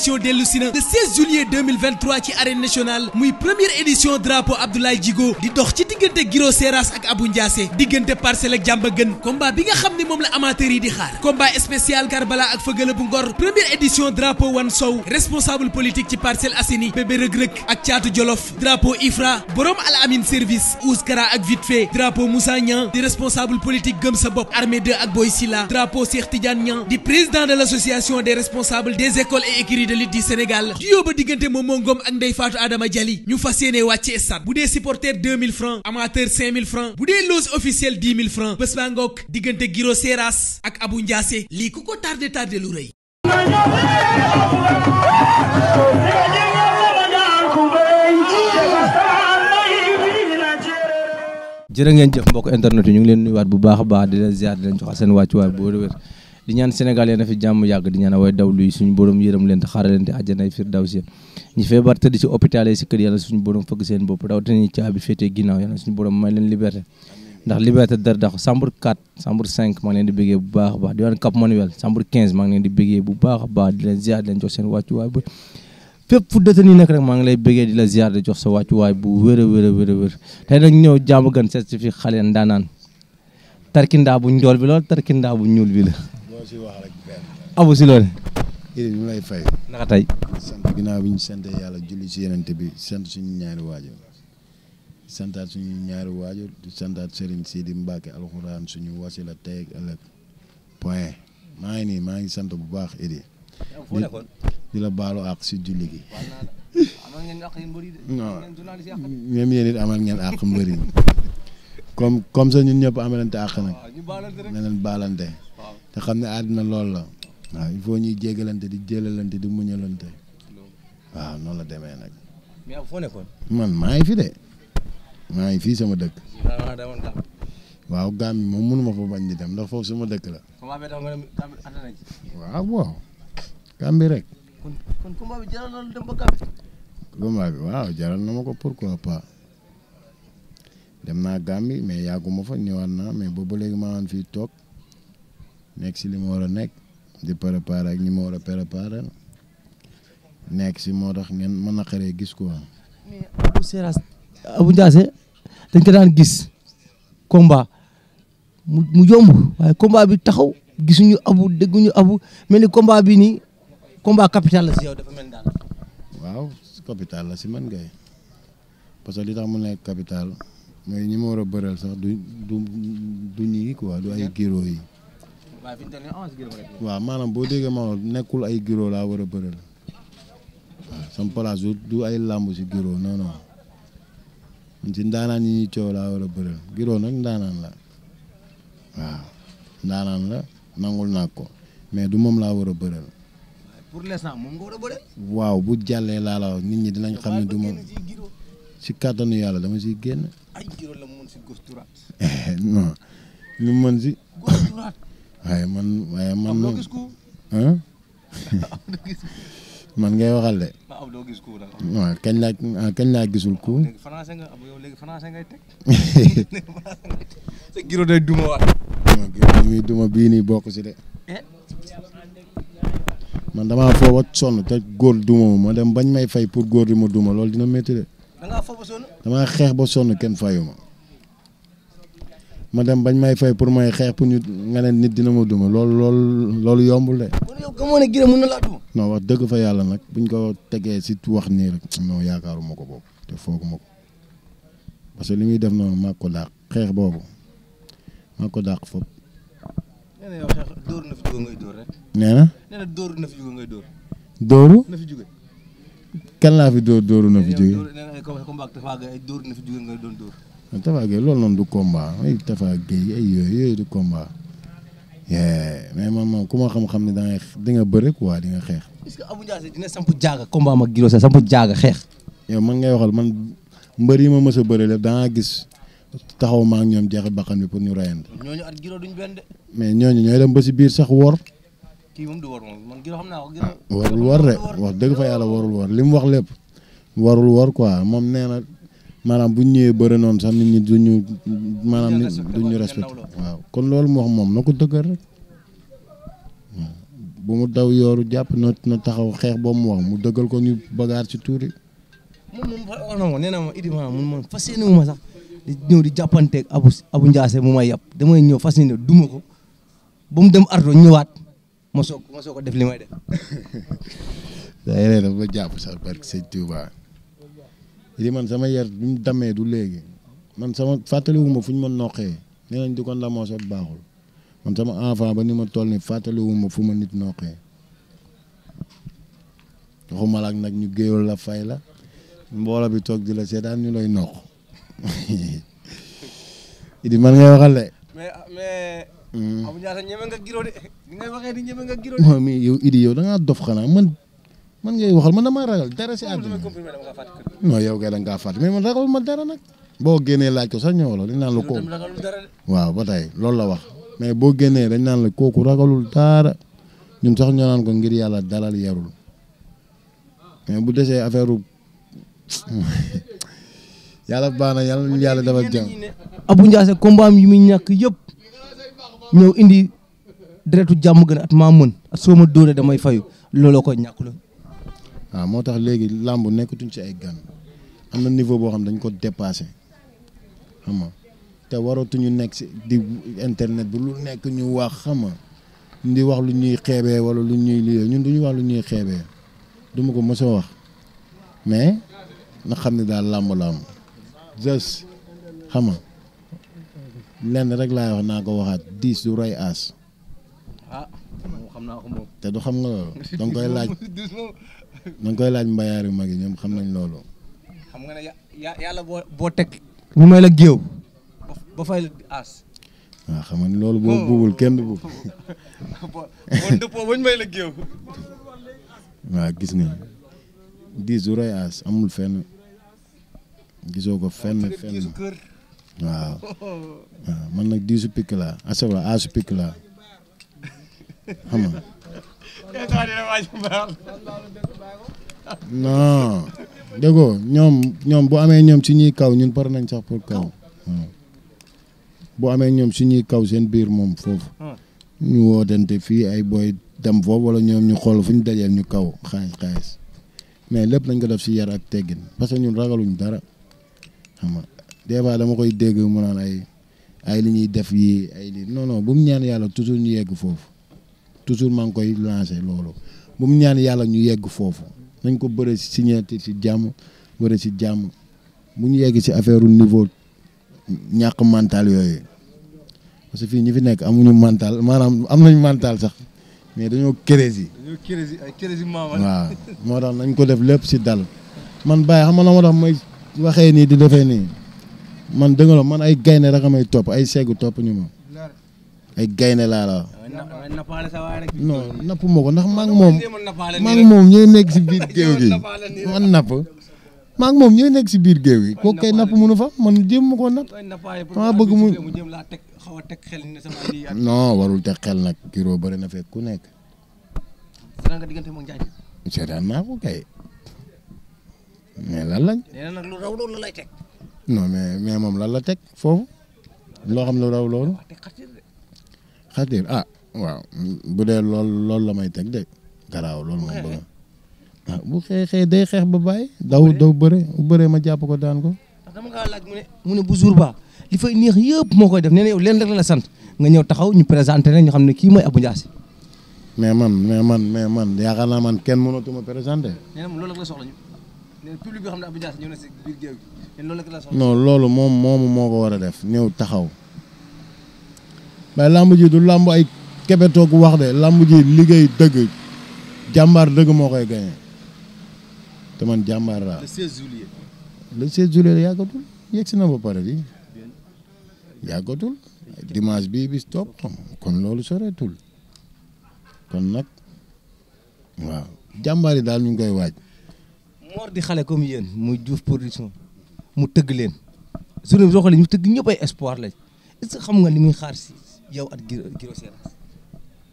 élection dellu si na le 16 juillet 2023 ci arène nationale muy première édition drapeau Abdoulaye Djigo di dox ci diggante Giro Seras ak abu Ndiassé diggante parcelle ak jàmba gën combat bi nga xam ni moom la amateur yi di xaar combat spécial Karbala ak Fëgala bu Ngor première édition drapeau Wan Sow responsable politique ci Parcelles Assainies bébé rëg-rëg ak caatu Jolof drapeau Ifra borom Al Amin service Ouskara ak vite fait drapeau Moussa Niang di responsable politique gëm sa bopp armée 2 ak Boy Silla drapeau Cheikh Tidiane Niang di président l' association des responsables des écoles et de lutte du Sénégal du yóbba diggante Momo Ngom ak ñu fas yéene wàcce stade bu dee supporter 2000 francs amateur 5000 francs bu dee loge officielle 10 000 francs bés baa diggante Giro Seras ak Abou Ndiassé lii ku ko tardé tardé lu rëy jërë ngeen jëf mbokk internet yi ñu ngi leen waat bu baax baax di leen ziar di leen jox seen wàccuwaay boo wér di ñaan Sénégal yéen a fi jàmm yàgg di ñaan way daw luy suñu borom yërëm leen yi suñu borom fëgg seen bopp rawatina ñi caabi féetee ginnaaw yàlla suñu borom may leen liberté ndax liberté dara dax chambre 4 chambre 5 maa ngi a baax di waan Cap Manuel chambre 15 maa ngi a baax di leen ziar di nag rek maa ngi lay béggee di la ziar jox sa wàccuwaay bu wér a wér a wér a wér tey nag ñëw jàmm gan seet si fi xale ndaanaan tarkindaa bu njool bi lool tarkindaa bu ñuul bi la abu si loole Idy ñu lay fay. naka tey. sant ginnaaw bi ñu sant yàlla julli si yenente bi sant suñu ñaari waajur santaat suñu ñaari waajur di santaat Serigne Sidi Mbacke alxuraan suñu wasila tey ak ëllëg point maa ngi nii maa ngi sant bu baax Idy. di la baalu àq si julli gi. non ñoom yéen it amal ngeen àq mbëri comme comme ça ñun ñëpp amalante àq nag. na baalante. te xam ne àddina loolu la waaw il faut ñuy jéggalante di jëlalante di muñalante waaw noonu la demee nag. mais man maa ngi fi de maa ngi fii sama dëkk. waaw gaam moom mënuma fa bañ di dem ndax foofu sama dëkk la. waaw waaw. gaam bi rek. kon kon bi jaral na dem ba gaam combat bi waaw jaral na ma ko pourquoi pas naa gaam bi mais yàgguma fa ñëwaat naa mais boobu léegi maa ngi fii toog. nekk si li ma war a nekk di préparer ak ñi ma war a préparer nekk si moo tax ngeen mën a xaree gis quoi. mais Abou dañ ko daan gis combat mu mu yomb waaye combat bi taxaw gisuñu Abou dégguñu abu mel ni combat bi nii combat capital la si yow dafa mel ni daal. waaw capital la si man ngay parce que li tax mu nekk capital mooy ñi ma war a bëreel sax du du du ñii quoi du ay giro yi. waaw maanaam boo déggee ma nekkul ay giro laa war a bëri la du ay làmb si giro non non man si war a bëri la giro nag ndaanaan la waaw ndaanaan la nangul naa ko mais du moom laa war a bëri la pour l'instant a bëri waaw bu jàllee laa la nit ñi dinañ xam ne du moom si kàttanu yàlla dama siy génn. ay giro si góor turaat. si. waaye man waaye man. am ngay waxal de. am gis ko kañ laa ah, laa gisul ko. léegi giro day duma bii nii bokk si de. Eh? man damaa foo ba sonn te góor duma ma dem bañ may fay pour góor di ma duma loolu dina métti de. da ba sonn. damaa xeex ba sonn kenn fayu ma dem bañ may fay pour may xeex pour ñu nga nit dina ma duma loolu loolu loolu yombul de. noo wax dëgg fa yàlla nag buñ ko tegee si wax nii rek non ko boobu te ko parce que li muy def noonu maa ko dàq xeex boobu maa ko dàq foofu. nee na yow xeex na fi jóge ngay na dóoru na laa fi dóor dóoru na fi jóge. doon dóor. ma Tapha Gueye loolu noonu du komba ay Tapha Gueye yooyu yooyu du moom ku ma xam-xam ne da ngay di nga bëri quoi di nga xeex. est-ce que Abou Ndiassé dina samp jaaga combat mag xeex. yow man ngay waxal man mbër yi ma mës a bëri lépp da nga gis taxaw ma ñoom jeexi bakkan bi pour ñu rayante. ñooñu at Guiro mais ñooñu ñooy dem ba si biir sax wor. kii moom du man Guiro xam naa ko. Ah, warul wor de wax dëgg fa yàlla warul wor li mu wax lépp warul wor quoi moom nee na. maanaam bu ñu ñëwee bëri noonu sax nit ñi duñu maanaam duñu respecté waaw kon loolu moo wax moom na ko dëggal rek bu mu daw yooru jàpp na na taxaw xeex boobu mu wax mu dëggal ko ñu bagaar ci tuuri. moom moom wax nee naa ma Idy ma man fas wu ma sax di ñëw di jàppanteeg Abu Abu Ndiassé mu may yàpp damay ñëw fas yéene duma ko bu mu dem ardo ñëwaat ma soog ma soog ko def li may def. day jàpp sax barke li man sama yer bi mu dammee du léegi man sama fàttaliwuma fu ñu ma noqee nee nañ di la moo sot baaxul man sama enfant ba ni ma tol ni fàttaliwuma fu ma nit noqee waxuma nag ñu géewal la fay la mboolo bi toog di la seetaan ñu lay noq idi man hmm. nga giro yow idi yow da dof xanaa man ngay waxal man damaa ragal dara si àdduna non yow kay da nga kaa fàtte mais ma dara nag boo génnee laaj ko sax ñëwalo dañ naan la kooku waaw ba tey loolu la wax mais boo génnee dañ naan la kooku ragalul dara ñun sax ñoo naan ko ngir yàlla dalal yarul mais bu desee affaire yàlla baax na yàlla yàlla dafa jàmm Abou Ndiassé combat am yi muy ñàkk yëpp ñëw indi deretu jàmm gën at maa mën at soo ma dóoree damay fayu looloo koy waaw moo tax léegi làmb nekkatuñ si ay gan am na niveau boo xam dañ ko dépassé xam te waratuñu nekk si di internet bi lu nekk ñu wax xam nga di wax lu ñuy xeebe wala lu ñuy lii ñun duñu wax lu ñuy xeebee duma ko mos wax mais na xam ne daal làmb la am just xama lenn rek laay wax naa ko waxaat diis du roy aas. ah xam naa ko te du xam nga loolu. koy laaj. na nga koy laaj mbayaar yu mag yi ñoom xam nañ loolu. xam nga ne yàlla boo boo teg ñu may la géew ba fay aas. waaw xam loolu boo buubul kenn du boo dëppoo ba ñu may la géew. waaw gis nga dix du roy aas amul fen gisoo ko fenn fenn waaw waaw man nag diisu pikk laa asabla aasu pikk non déggoo ñoom ñoom bu amee ñoom si ñuy kaw ñun pare nañ sax pour kaw hmm. bu amee ñoom si ñuy kaw seen biir moom foofu hmm. ñu wootante fii ay booy dem foofu wala ñoom ñu xool fu ñu dajeel ñu kaw xaalis xaalis mais lépp nañ ko def si yar ak teggin parce que ñun ragaluñ dara xam nga des fois dama koy dégg mu naan ay ay li ñuy def yi ay li non non bu mu ñaan yàlla toujours ñu yegg foofu toujours maa ngi koy lancé loolu bu mu ñaan yàlla ñu yegg foofu nañ ko bëre si signature si jàmm bëre si jàmm bu ñu yegg si affaire niveau ñàkk mental yooyu parce que fii ñi fi nekk amuñu mental maanaam am nañ mental sax mais dañoo crazy. dañoo crazy ay crazy moo tax nañ ko def lépp si dal man Baye xam nga na ma tax may waxee nii di defee nii man dëgg la man ay gaynde rek may topp ay segg topp ñu ma ay gaynde laa non napp ko ndax maa ngi moom maa moom ñooy nekk si biir géew gi man napp maa moom ñooy nekk si biir géew yi kooku kay napp mënu fa man jéem ma koo napp maa bëgg mu non warul teg xel nag kiroo bëri na fekk ku nekk seetaan naa ko kay mais lan lañ non moom lan la teg foofu loo xam lu raw loolu xatir waaw bu dee lool loolu la may teg de garaaw loolu moom bëgg waaw ah, day xeex ba bàyyi daw daw bëre bu bëree ma jàpp ko daan ko dama mu ne bu jour ba li fay neex yëpp moo koy def nee leen rek la sant nga ñëw taxaw ñu présenté rek ñu xam ne kii mooy Abou Ndiassé mais man mais man mais man yaakaar naa man kenn mënatuma présenté nee na moom loolu rek la soxla ñu nee na public bi ne si biir géew gi loolu loolu moom moomu moo ko war a def ñëw taxaw mais lamb ji lamb ay kebe toog wax de làmb ji liggéey dëgg jàmbaar dëgg moo koy gañe te man jàmbaar laa. le 16 juillet. le 16 juillet si na ba pare bi yàggatul dimanche bii bis topp kon loolu soreetul kon nag waaw jàmbaar yi daal ñu ngi koy waaj. Mor di xale comme yéen muy Diouf production mu tëgg leen suñu soxla ñu tëgg ñëpp ay espoir lañ est-ce xam nga ni muy xaar si yow at Guiro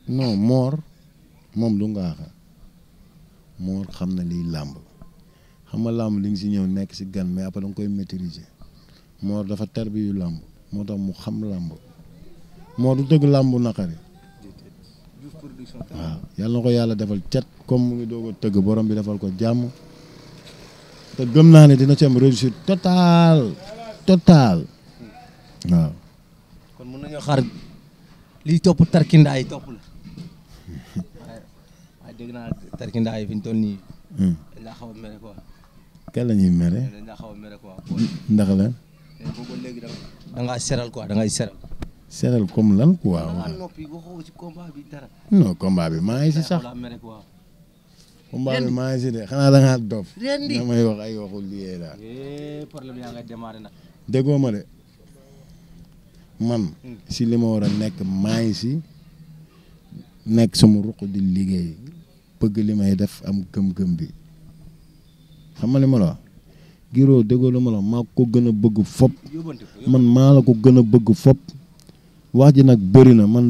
non moor moom du ngaaxa moor xam na liy làmb xam nga làmb li nga si ñëw nekk si gan mais après da koy maîtriser moor dafa ter bi yu làmb moo tax mu xam làmb moor du tëgg làmb yàlla na ko yàlla defal cet comme mu ngi doo a tëgg borom bi defal ko jàmm te gëm naa ne dina ci am réussite total total waaw kon mën yi topp dégg naa tarkindaa yi fi ñu toll nii. Hmm. dañ laa xaw a mere quoi. kan la ñuy mere. dañ laa eh, seral quoi da ngay seral. seral comme lan bi dara. maa ngi si sax. combat bi maa ngi si de xanaa da ngaa dof. ren di damay wax ay eh, de man. Hmm. si li ma war a nekk maa ngi si. nekk sama ruq di liggéey bëgg li may def am gëm-gëm bi xam nga li la Giro déggoo li ma la maa ko gën a bëgg fop man maa la ko gën a bëgg fop wax ji nag bëri na man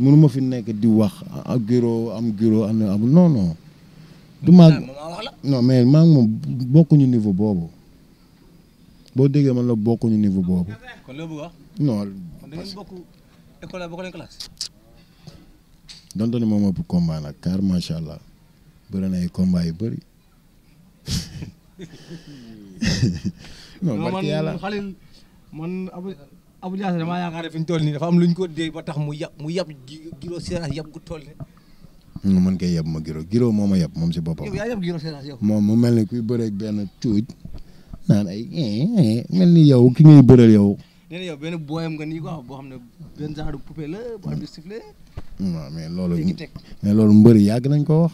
mënu fi nekk di wax ak ah, Giro am Giro am na amul non non. du ma non mais maa ngi moom bokkuñu niveau boobu boo déggee man la bokkuñu niveau boobu. kon donte ni moom ëpp combat nag car allah bëri na ay combat yu bëri. non barke yàlla xalil fi ñu toll am lu ñu ko tax mu yab mu yab Guiro Seras yab gu toll nii. man yab ma Guiro Guiro moo ma moom si boppam. yow yaa moom mu mel ni kuy bëreeg benn tuuj naan ay eh, eh, mel ni yow ki ngay bëreel yow. nee na yow booyam nga nii quoi boo xam ne benn genre poupée la boo xam ne waaw mais loolu mais loolu mbëri yàgg nañ ko wax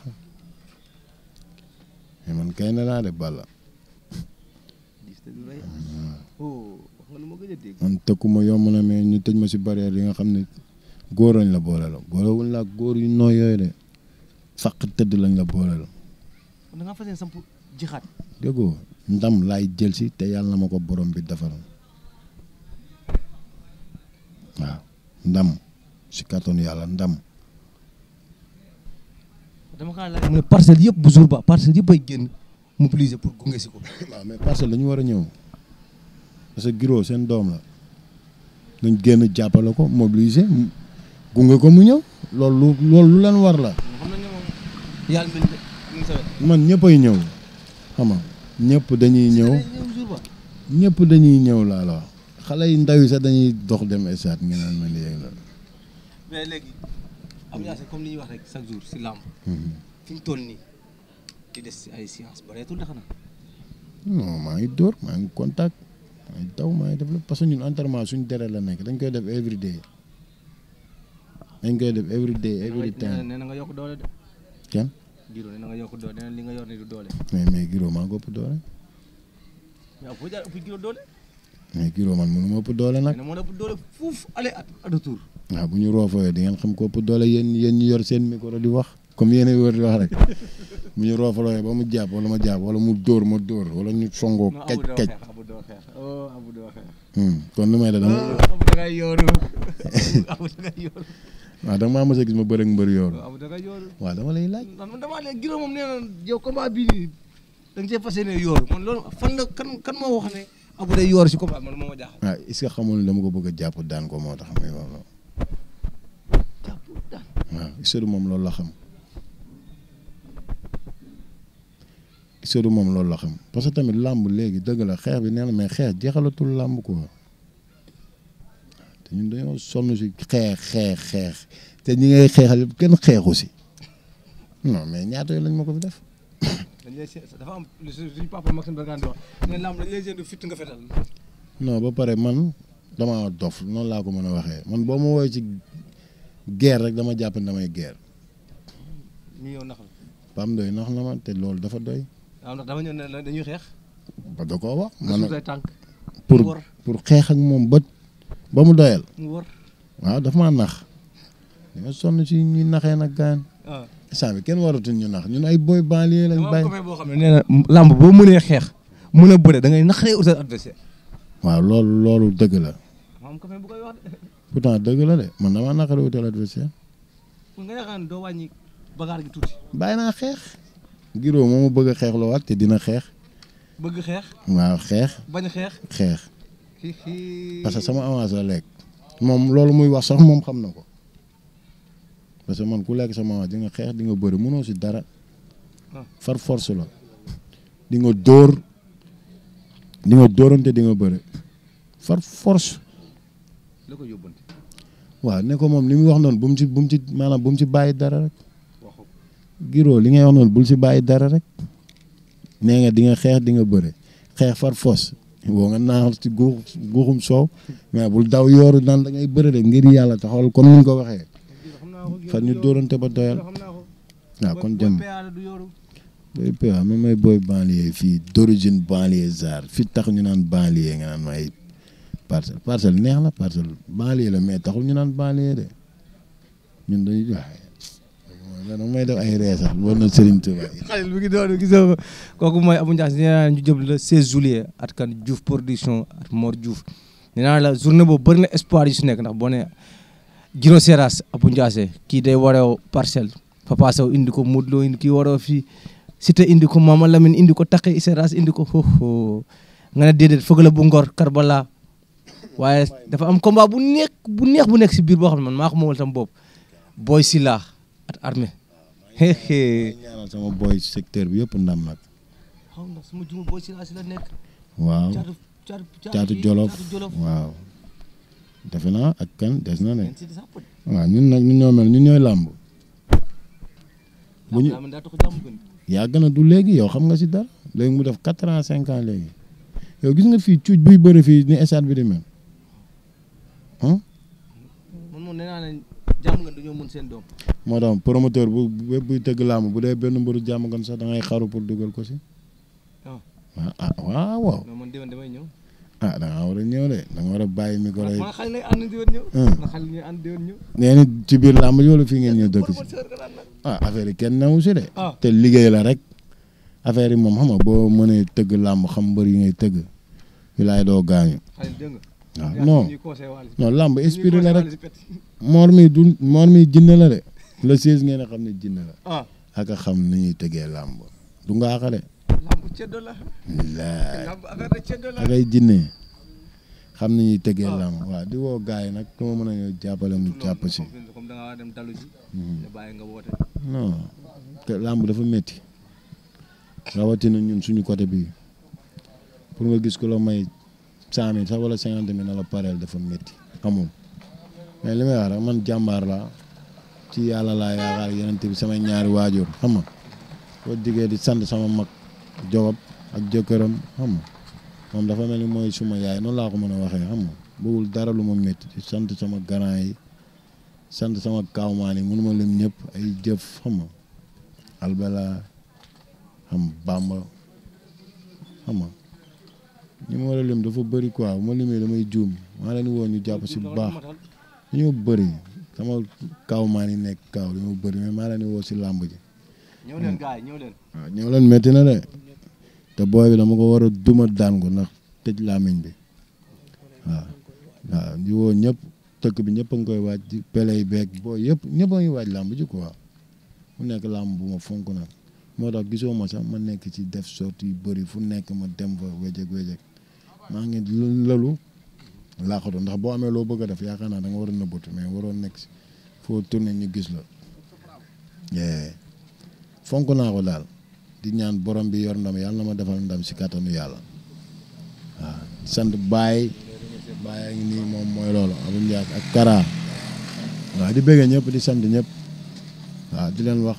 mais man kay na naa de Balla oh, man tëkkuma yomb na mais ñu tëj ma si barrière yi nga xam ne góor lañ la boole la a wuñ la góor yu nooy yooyu de saq tëdd lañ la boole la. kon da ndam laay jël si te yàlla na ma ko borom bi defaral waaw ndam. si kàttanu yàlla ndam. dama kaa laaj mu ne yëpp bu jour ba parcelle yëpp ay génn mobiliser pour gunge si ko. waaw mais parcelle dañu war a ñëw parce que Giro seen doom la dañ génn jàppale ko mobiliser gunge ko mu ñëw loolu loolu lu leen war la. yàlla man ñëppay ñëw xam ñëpp dañuy ñëw. ñëpp dañuy ñëw laa la wax xale yi ndaw sax dañuy dox dem esaat ngeen naan ma léegi la. mais léegi am na comme li ñuy wax rek chaque jour si làmb. Mm-hmm. fi mu toll nii di des si ay séance bareetul na xanaa. maa ngi dóor maa ngi contact maa ngi taw maa ngi def lépp parce que ñun entraînement suñ deret la nekk dañ koy def every day dañ koy def every day every time ne na nga yokk doole de. kenn. Giro nee na nga yokk doole nee na li nga yor ni du doole. mais mais Giro maa ngi ëpp doole. mais kilo man mënu ma ëpp doole nag. mën na ëpp doole fuuf aller à retour. waaw bu ñu roofooyee di ngeen xam ko ëpp doole yéen yéen ñu yor seen micro di wax. comme yéen a di wax rek bu ñu roofalooyee ba mu jàpp ma jàpp wala mu dóor ma dóor wala ñu songoo. kaj kaj oh, hmm, kon nu may da dama. Ah, da nga maa mës a gis ma bëri ak mbër yooru waaw dama lay laaj. man ne Giro nee na yow combat bii da nga see fas yéene yooru man loolu fan la kan moo wax Abou ah, day si combat moo ma jaaxal. waaw ah, xamul ne dama ko bëgg a jàpp daan ko moo tax muy wax loolu. Ah, moom loolu la xam. moom loolu la xam que tamit làmb léegi dëgg la xeex bi nee na mais xeex jeexalatul làmb quoi te ñun dañoo sonn si xeex xeex xeex te ñi ngay xeexal yëpp kenn xeexu si non mais ñaata yoon lañ ma ko fi def. dañ lay dafa am suñu papa Maxime Bergan ba pare man dama dof noonu laa ko mën a waxee man boo ma woowee ci guerre rek dama jàpp ne damay guerre. ñu yow nax la. Pam nax na ma te loolu dafa doy. waaw ah, ndax dama ñëw ne dañuy xeex. ba da koo wax. man pour pour xeex ak moom bët ba mu doyal. mu wor waaw dafa maa nax. da sonn si ñuy naxee nag gaan. Ah. saa bi kenn waratul ñu nax ñun ay boy banlieue lañ bàyyi damaa boo xam ne na làmb boo mënee xeex mën a bëre dangay ngay naxaree utal adversaire. waaw loolu loolu dëgg la. moom dëgg la man damaa naxaree utal adversaire. nga yaakaar ne naa xeex. Giro moom bëgg a xeex loowaat te dina xeex. bëgg xeex. waaw xeex. bañ xeex. xeex. parce que sama avance la lekk. moom loolu muy wax sox moom xam na ko. parce que man ku lekk sama wax di nga xeex di nga bëri mënoo si dara ah. far force la di nga dóor di nga dóorante di nga bëri far force. la ko yóbbante. waaw ne ko moom li muy wax noon bu mu ci bu ci maanaam bu mu ci bàyyi dara rek. Giro li ngay wax noonu bul si bàyyi dara rek nee nga di nga xeex di nga bëre xeex far fos boo nga naaxal ci guux guuxum soow mais bul daaw yooru naan da ngay bëre de ngir yàlla taxawal comme ni ñu ko waxee fan ñu dóorante ba doyal waaw kon jëm booy PA moom mooy booy banlieue fii d'origine fi tax ñu naan banlieue nga naan may parcelle parcelle neex na parcelle banlieue la mais taxul ñu naan banlieue de ñun dañuy waaye dana may def ay ree sax war na Serigne Touba xalil mi kooku mooy Abou Ndiass nee naa ñu jëm le at kan Diouf production at Mor Diouf nee naa la journée boobu bëri na espoir yi su nekk ndax boo Giro Seras Abou Ndiassé kii day wareew parcelle Papa Sow indi ko Modou Lo indi kii wareew fii Cité indi ko Mama Lamine indi ko indi ko foofu nga ne déedéet fëgala bu Ngor Karbala waaye dafa am combat bu neex bu neex bu nekk si biir boo xam ne man maa ko moomal tam bopp Boy Sila at armée hehe sama boy secteur bi yëpp ndam nag xaw nga nekk caatu Jolof defe naa ak kan des na ne waaw ñun nag ñun ñoo mel ñun ñooy làmb bu ñu yàgg na du léegi yow xam nga si dara léegi mu def quatre ans cinq ans léegi yow gis nga fii cuuj buy bëri fii ni stade bi di mel ah. man naa ne jàmm nga dañoo mën seen doom. moo tax promoteur bu bépp buy tëgg làmb bu dee benn mbëru jàmm gan sax da ngay xaru pour dugal ko si. ah, ah, ah waaw damay ñëw. ah da ngaa a ñëw de da nga war a bàyyi micro yi. xale lay ànd di woon hmm. ci biir làmb ji fii ngeen ñëw dëkk si. ah affaire yi kenn newu si de. Ah. te liggéey la rek. affaire yi moom xam boo mënee tëgg làmb xam mbër yi ngay tëgg. wilaay doo gaañu. waaw ah, non non la rek. moor mi du moor mi jinne la de. le 16 ngeen a xam ne jinne la. Ah. ak xam ni ñuy tëggee làmb du ngaax de. ceddo la. xam nañu tegee lam waaw di woo gars yi nag ku ma mën a ñëw jàppale mu jàpp si. comme hmm. nga woote. làmb dafa métti rawatina ñun suñu côté bi pour nga gis ku loo may cent mille sax wala cinquante mille na la pareel dafa métti amul mais li may wax rek man jàmbaar laa ci yàlla laa yaakaar yeneen bi samay ñaari waajur xam nga boo di sant sama mag. jobab ak jëkkëram xam moom dafa mel ni mooy suma yaay noonu laa ko mën a waxee xam nga dara lu ma met i sant sama grand yi sant sama kaawmaan yi mënuma lim ñëpp ay jëf xam nga albela xam bàmba xam nga ñi ma war a lim dafa bëri quoi bu ma limee damay juum maa leen woo ñu jàpp si bu baax dañoo bëri sama kaawmaan yi nekk kaaw dañoo bëri mais maa leen woo si làmb ji ñëw leen gars yi de te booy bi dama ko war a duma daan ko ndax tëj làmmiñ bi waaw waaw ñëpp tëkk bi ñëpp a ngi koy waaj di peley beeg boo yëpp ñëpp a ngi waaj làmb ji quoi mu nekk làmb bu ma fonk naa moo tax gisoo ma sax ma nekk ci def sorti yu bëri fu nekk ma dem fa wejeg wejeg maa ngi lalu laaxatu ndax boo amee loo bëgg a def yaakaar da nga war a nëbbatu mais waroo nekk foo tourné ñu gis la fonk naa ko daal di ñaan borom bi yor ndam yàlla na ma defal ndam si kàttanu yàlla waaw sant baay baay ak nii moom mooy loolu Abou Ndiaye ak Kara waaw di bëggee ñëpp di sant ñëpp waaw di leen wax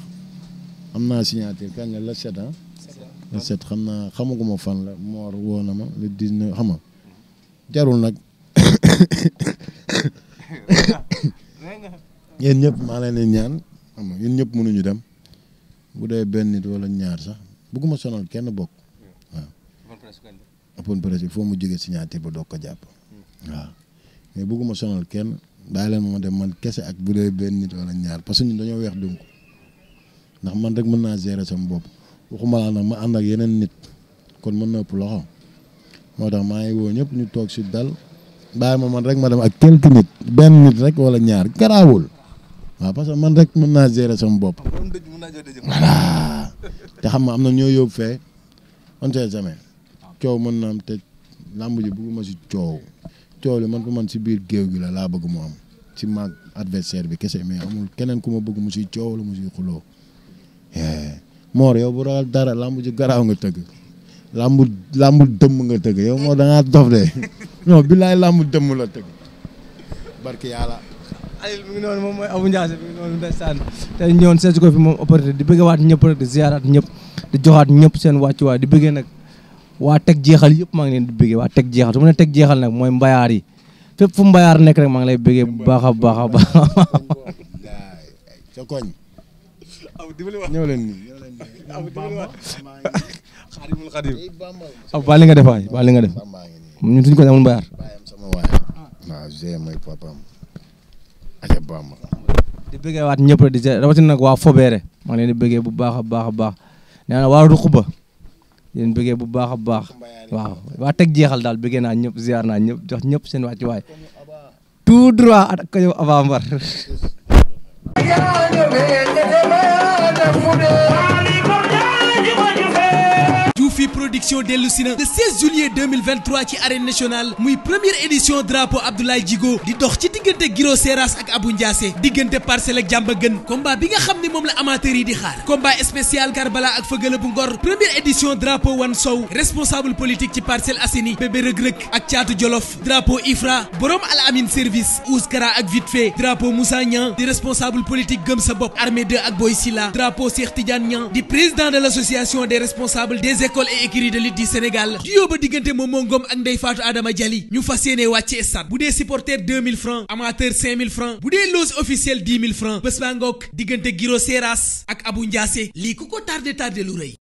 am naa signature kañ la le xam naa xamaguma fan la moor woo na ma le dix-neuf xam nga jarul nag ñeen ñëpp maa leen di ñaan xam nga yéen ñëpp mënuñu dem bu dee benn nit wala ñaar sax bëgguma sonal kenn bokk waaw. open press il faut mu jógee si signature ba doog ko jàpp. Hmm. waaw mais bëgguma sonal kenn bàyyi leen ma dem man kese ak bu dee benn nit wala ñaar parce que ñun dañoo weex dunk ndax man rek mën naa gérer sama bopp waxuma laa nag ma ànd ak yeneen nit kon mën na ëpp loxo moo tax maa ngi woo ñëpp ñu toog si dal bàyyi ma man rek ma dem ak quelques benn nit wala ñaar garaawul. waaw parce que man rek mën naa gérer sama bopp. voilà te xam nga am na ñoo yóbbu fee on sait coow mën na am te làmb ji bëgguma si coow coow li man ko man si biir géew gi la laa bëgg mu am si mag adversaire bi kese mais amul keneen ku ma bëgg mu siy coow la mu siy xuloo eh, Mor yow bu ragal dara làmb ji garaaw nga tëgg làmb làmb dëmm nga tëgg yow moo da ngaa dof de non billaay làmb dëmm la tëgg Aliou mi ngi noonu moom mooy Abou Ndiassé mi ngi ko fi moom opportunité di waat ñëpp rek di ziaraat ñëpp di joxaat ñëpp seen wàccuwaay di bëggee nag waa teg jeexal yëpp maa ngi leen di bëggee waa teg jeexal su ma ne teg jeexal nag mooy mbayaar yi fépp fu mbayaar nekk rek maa ngi lay bëggee bu baax a baax a baax ca koñ aw dimbali wax ñëw leen nii aw dimbali wax xaadimul xaadim li nga def waay li nga def ñun suñu ko amul mbayaar waaw ah. ah, mooy aca bamba di bëggee waat ñëpp di rawatina nag waa Fobeere maa ngi leen di bëggee bu baax a baax a baax nee na waa Ruxuba yéen bëggee bu baax a baax waaw waa teg jeexal daal bëggee naa ñëpp ziar naa ñëpp jox ñëpp seen wàcc waay tout droit ak ko yow Aba Tawfekh Production dellu si na le 16 juillet 2023 ci arène nationale muy première édition drapeau Abdoulaye Djigo di dox ci diggante Giro Seras ak Abou Ndiassé diggante parcelle ak jàmba gën combat bi nga xam ni moom la amateur yi di xaar combat spécial Karbala ak Fëgala bu Ngor première édition drapeau Wan Sow responsable politique ci Parcelles Assainies bébé rëg-rëg ak caatu Jolof drapeau Ifra borom Al Amin service Ouskara ak vite fait drapeau Moussa Niang di responsable politique gëm sa bopp armée 2 ak Boy Silla drapeau Cheikh Tidiane Niang di président de l'association des des écoles bool ay écurie de lutte Sénégal du yóbba diggante Momo Ngom ak Ndeye Fatou Adama Dialy ñu fas yéene wàcce stade bu dee supporter 2000 francs amateur 5000 francs bu dee loge officielle 10 000 francs bés baa ngoog diggante Giro Seras ak Abou Ndiassé lii ku ko tardé tardé lu rëy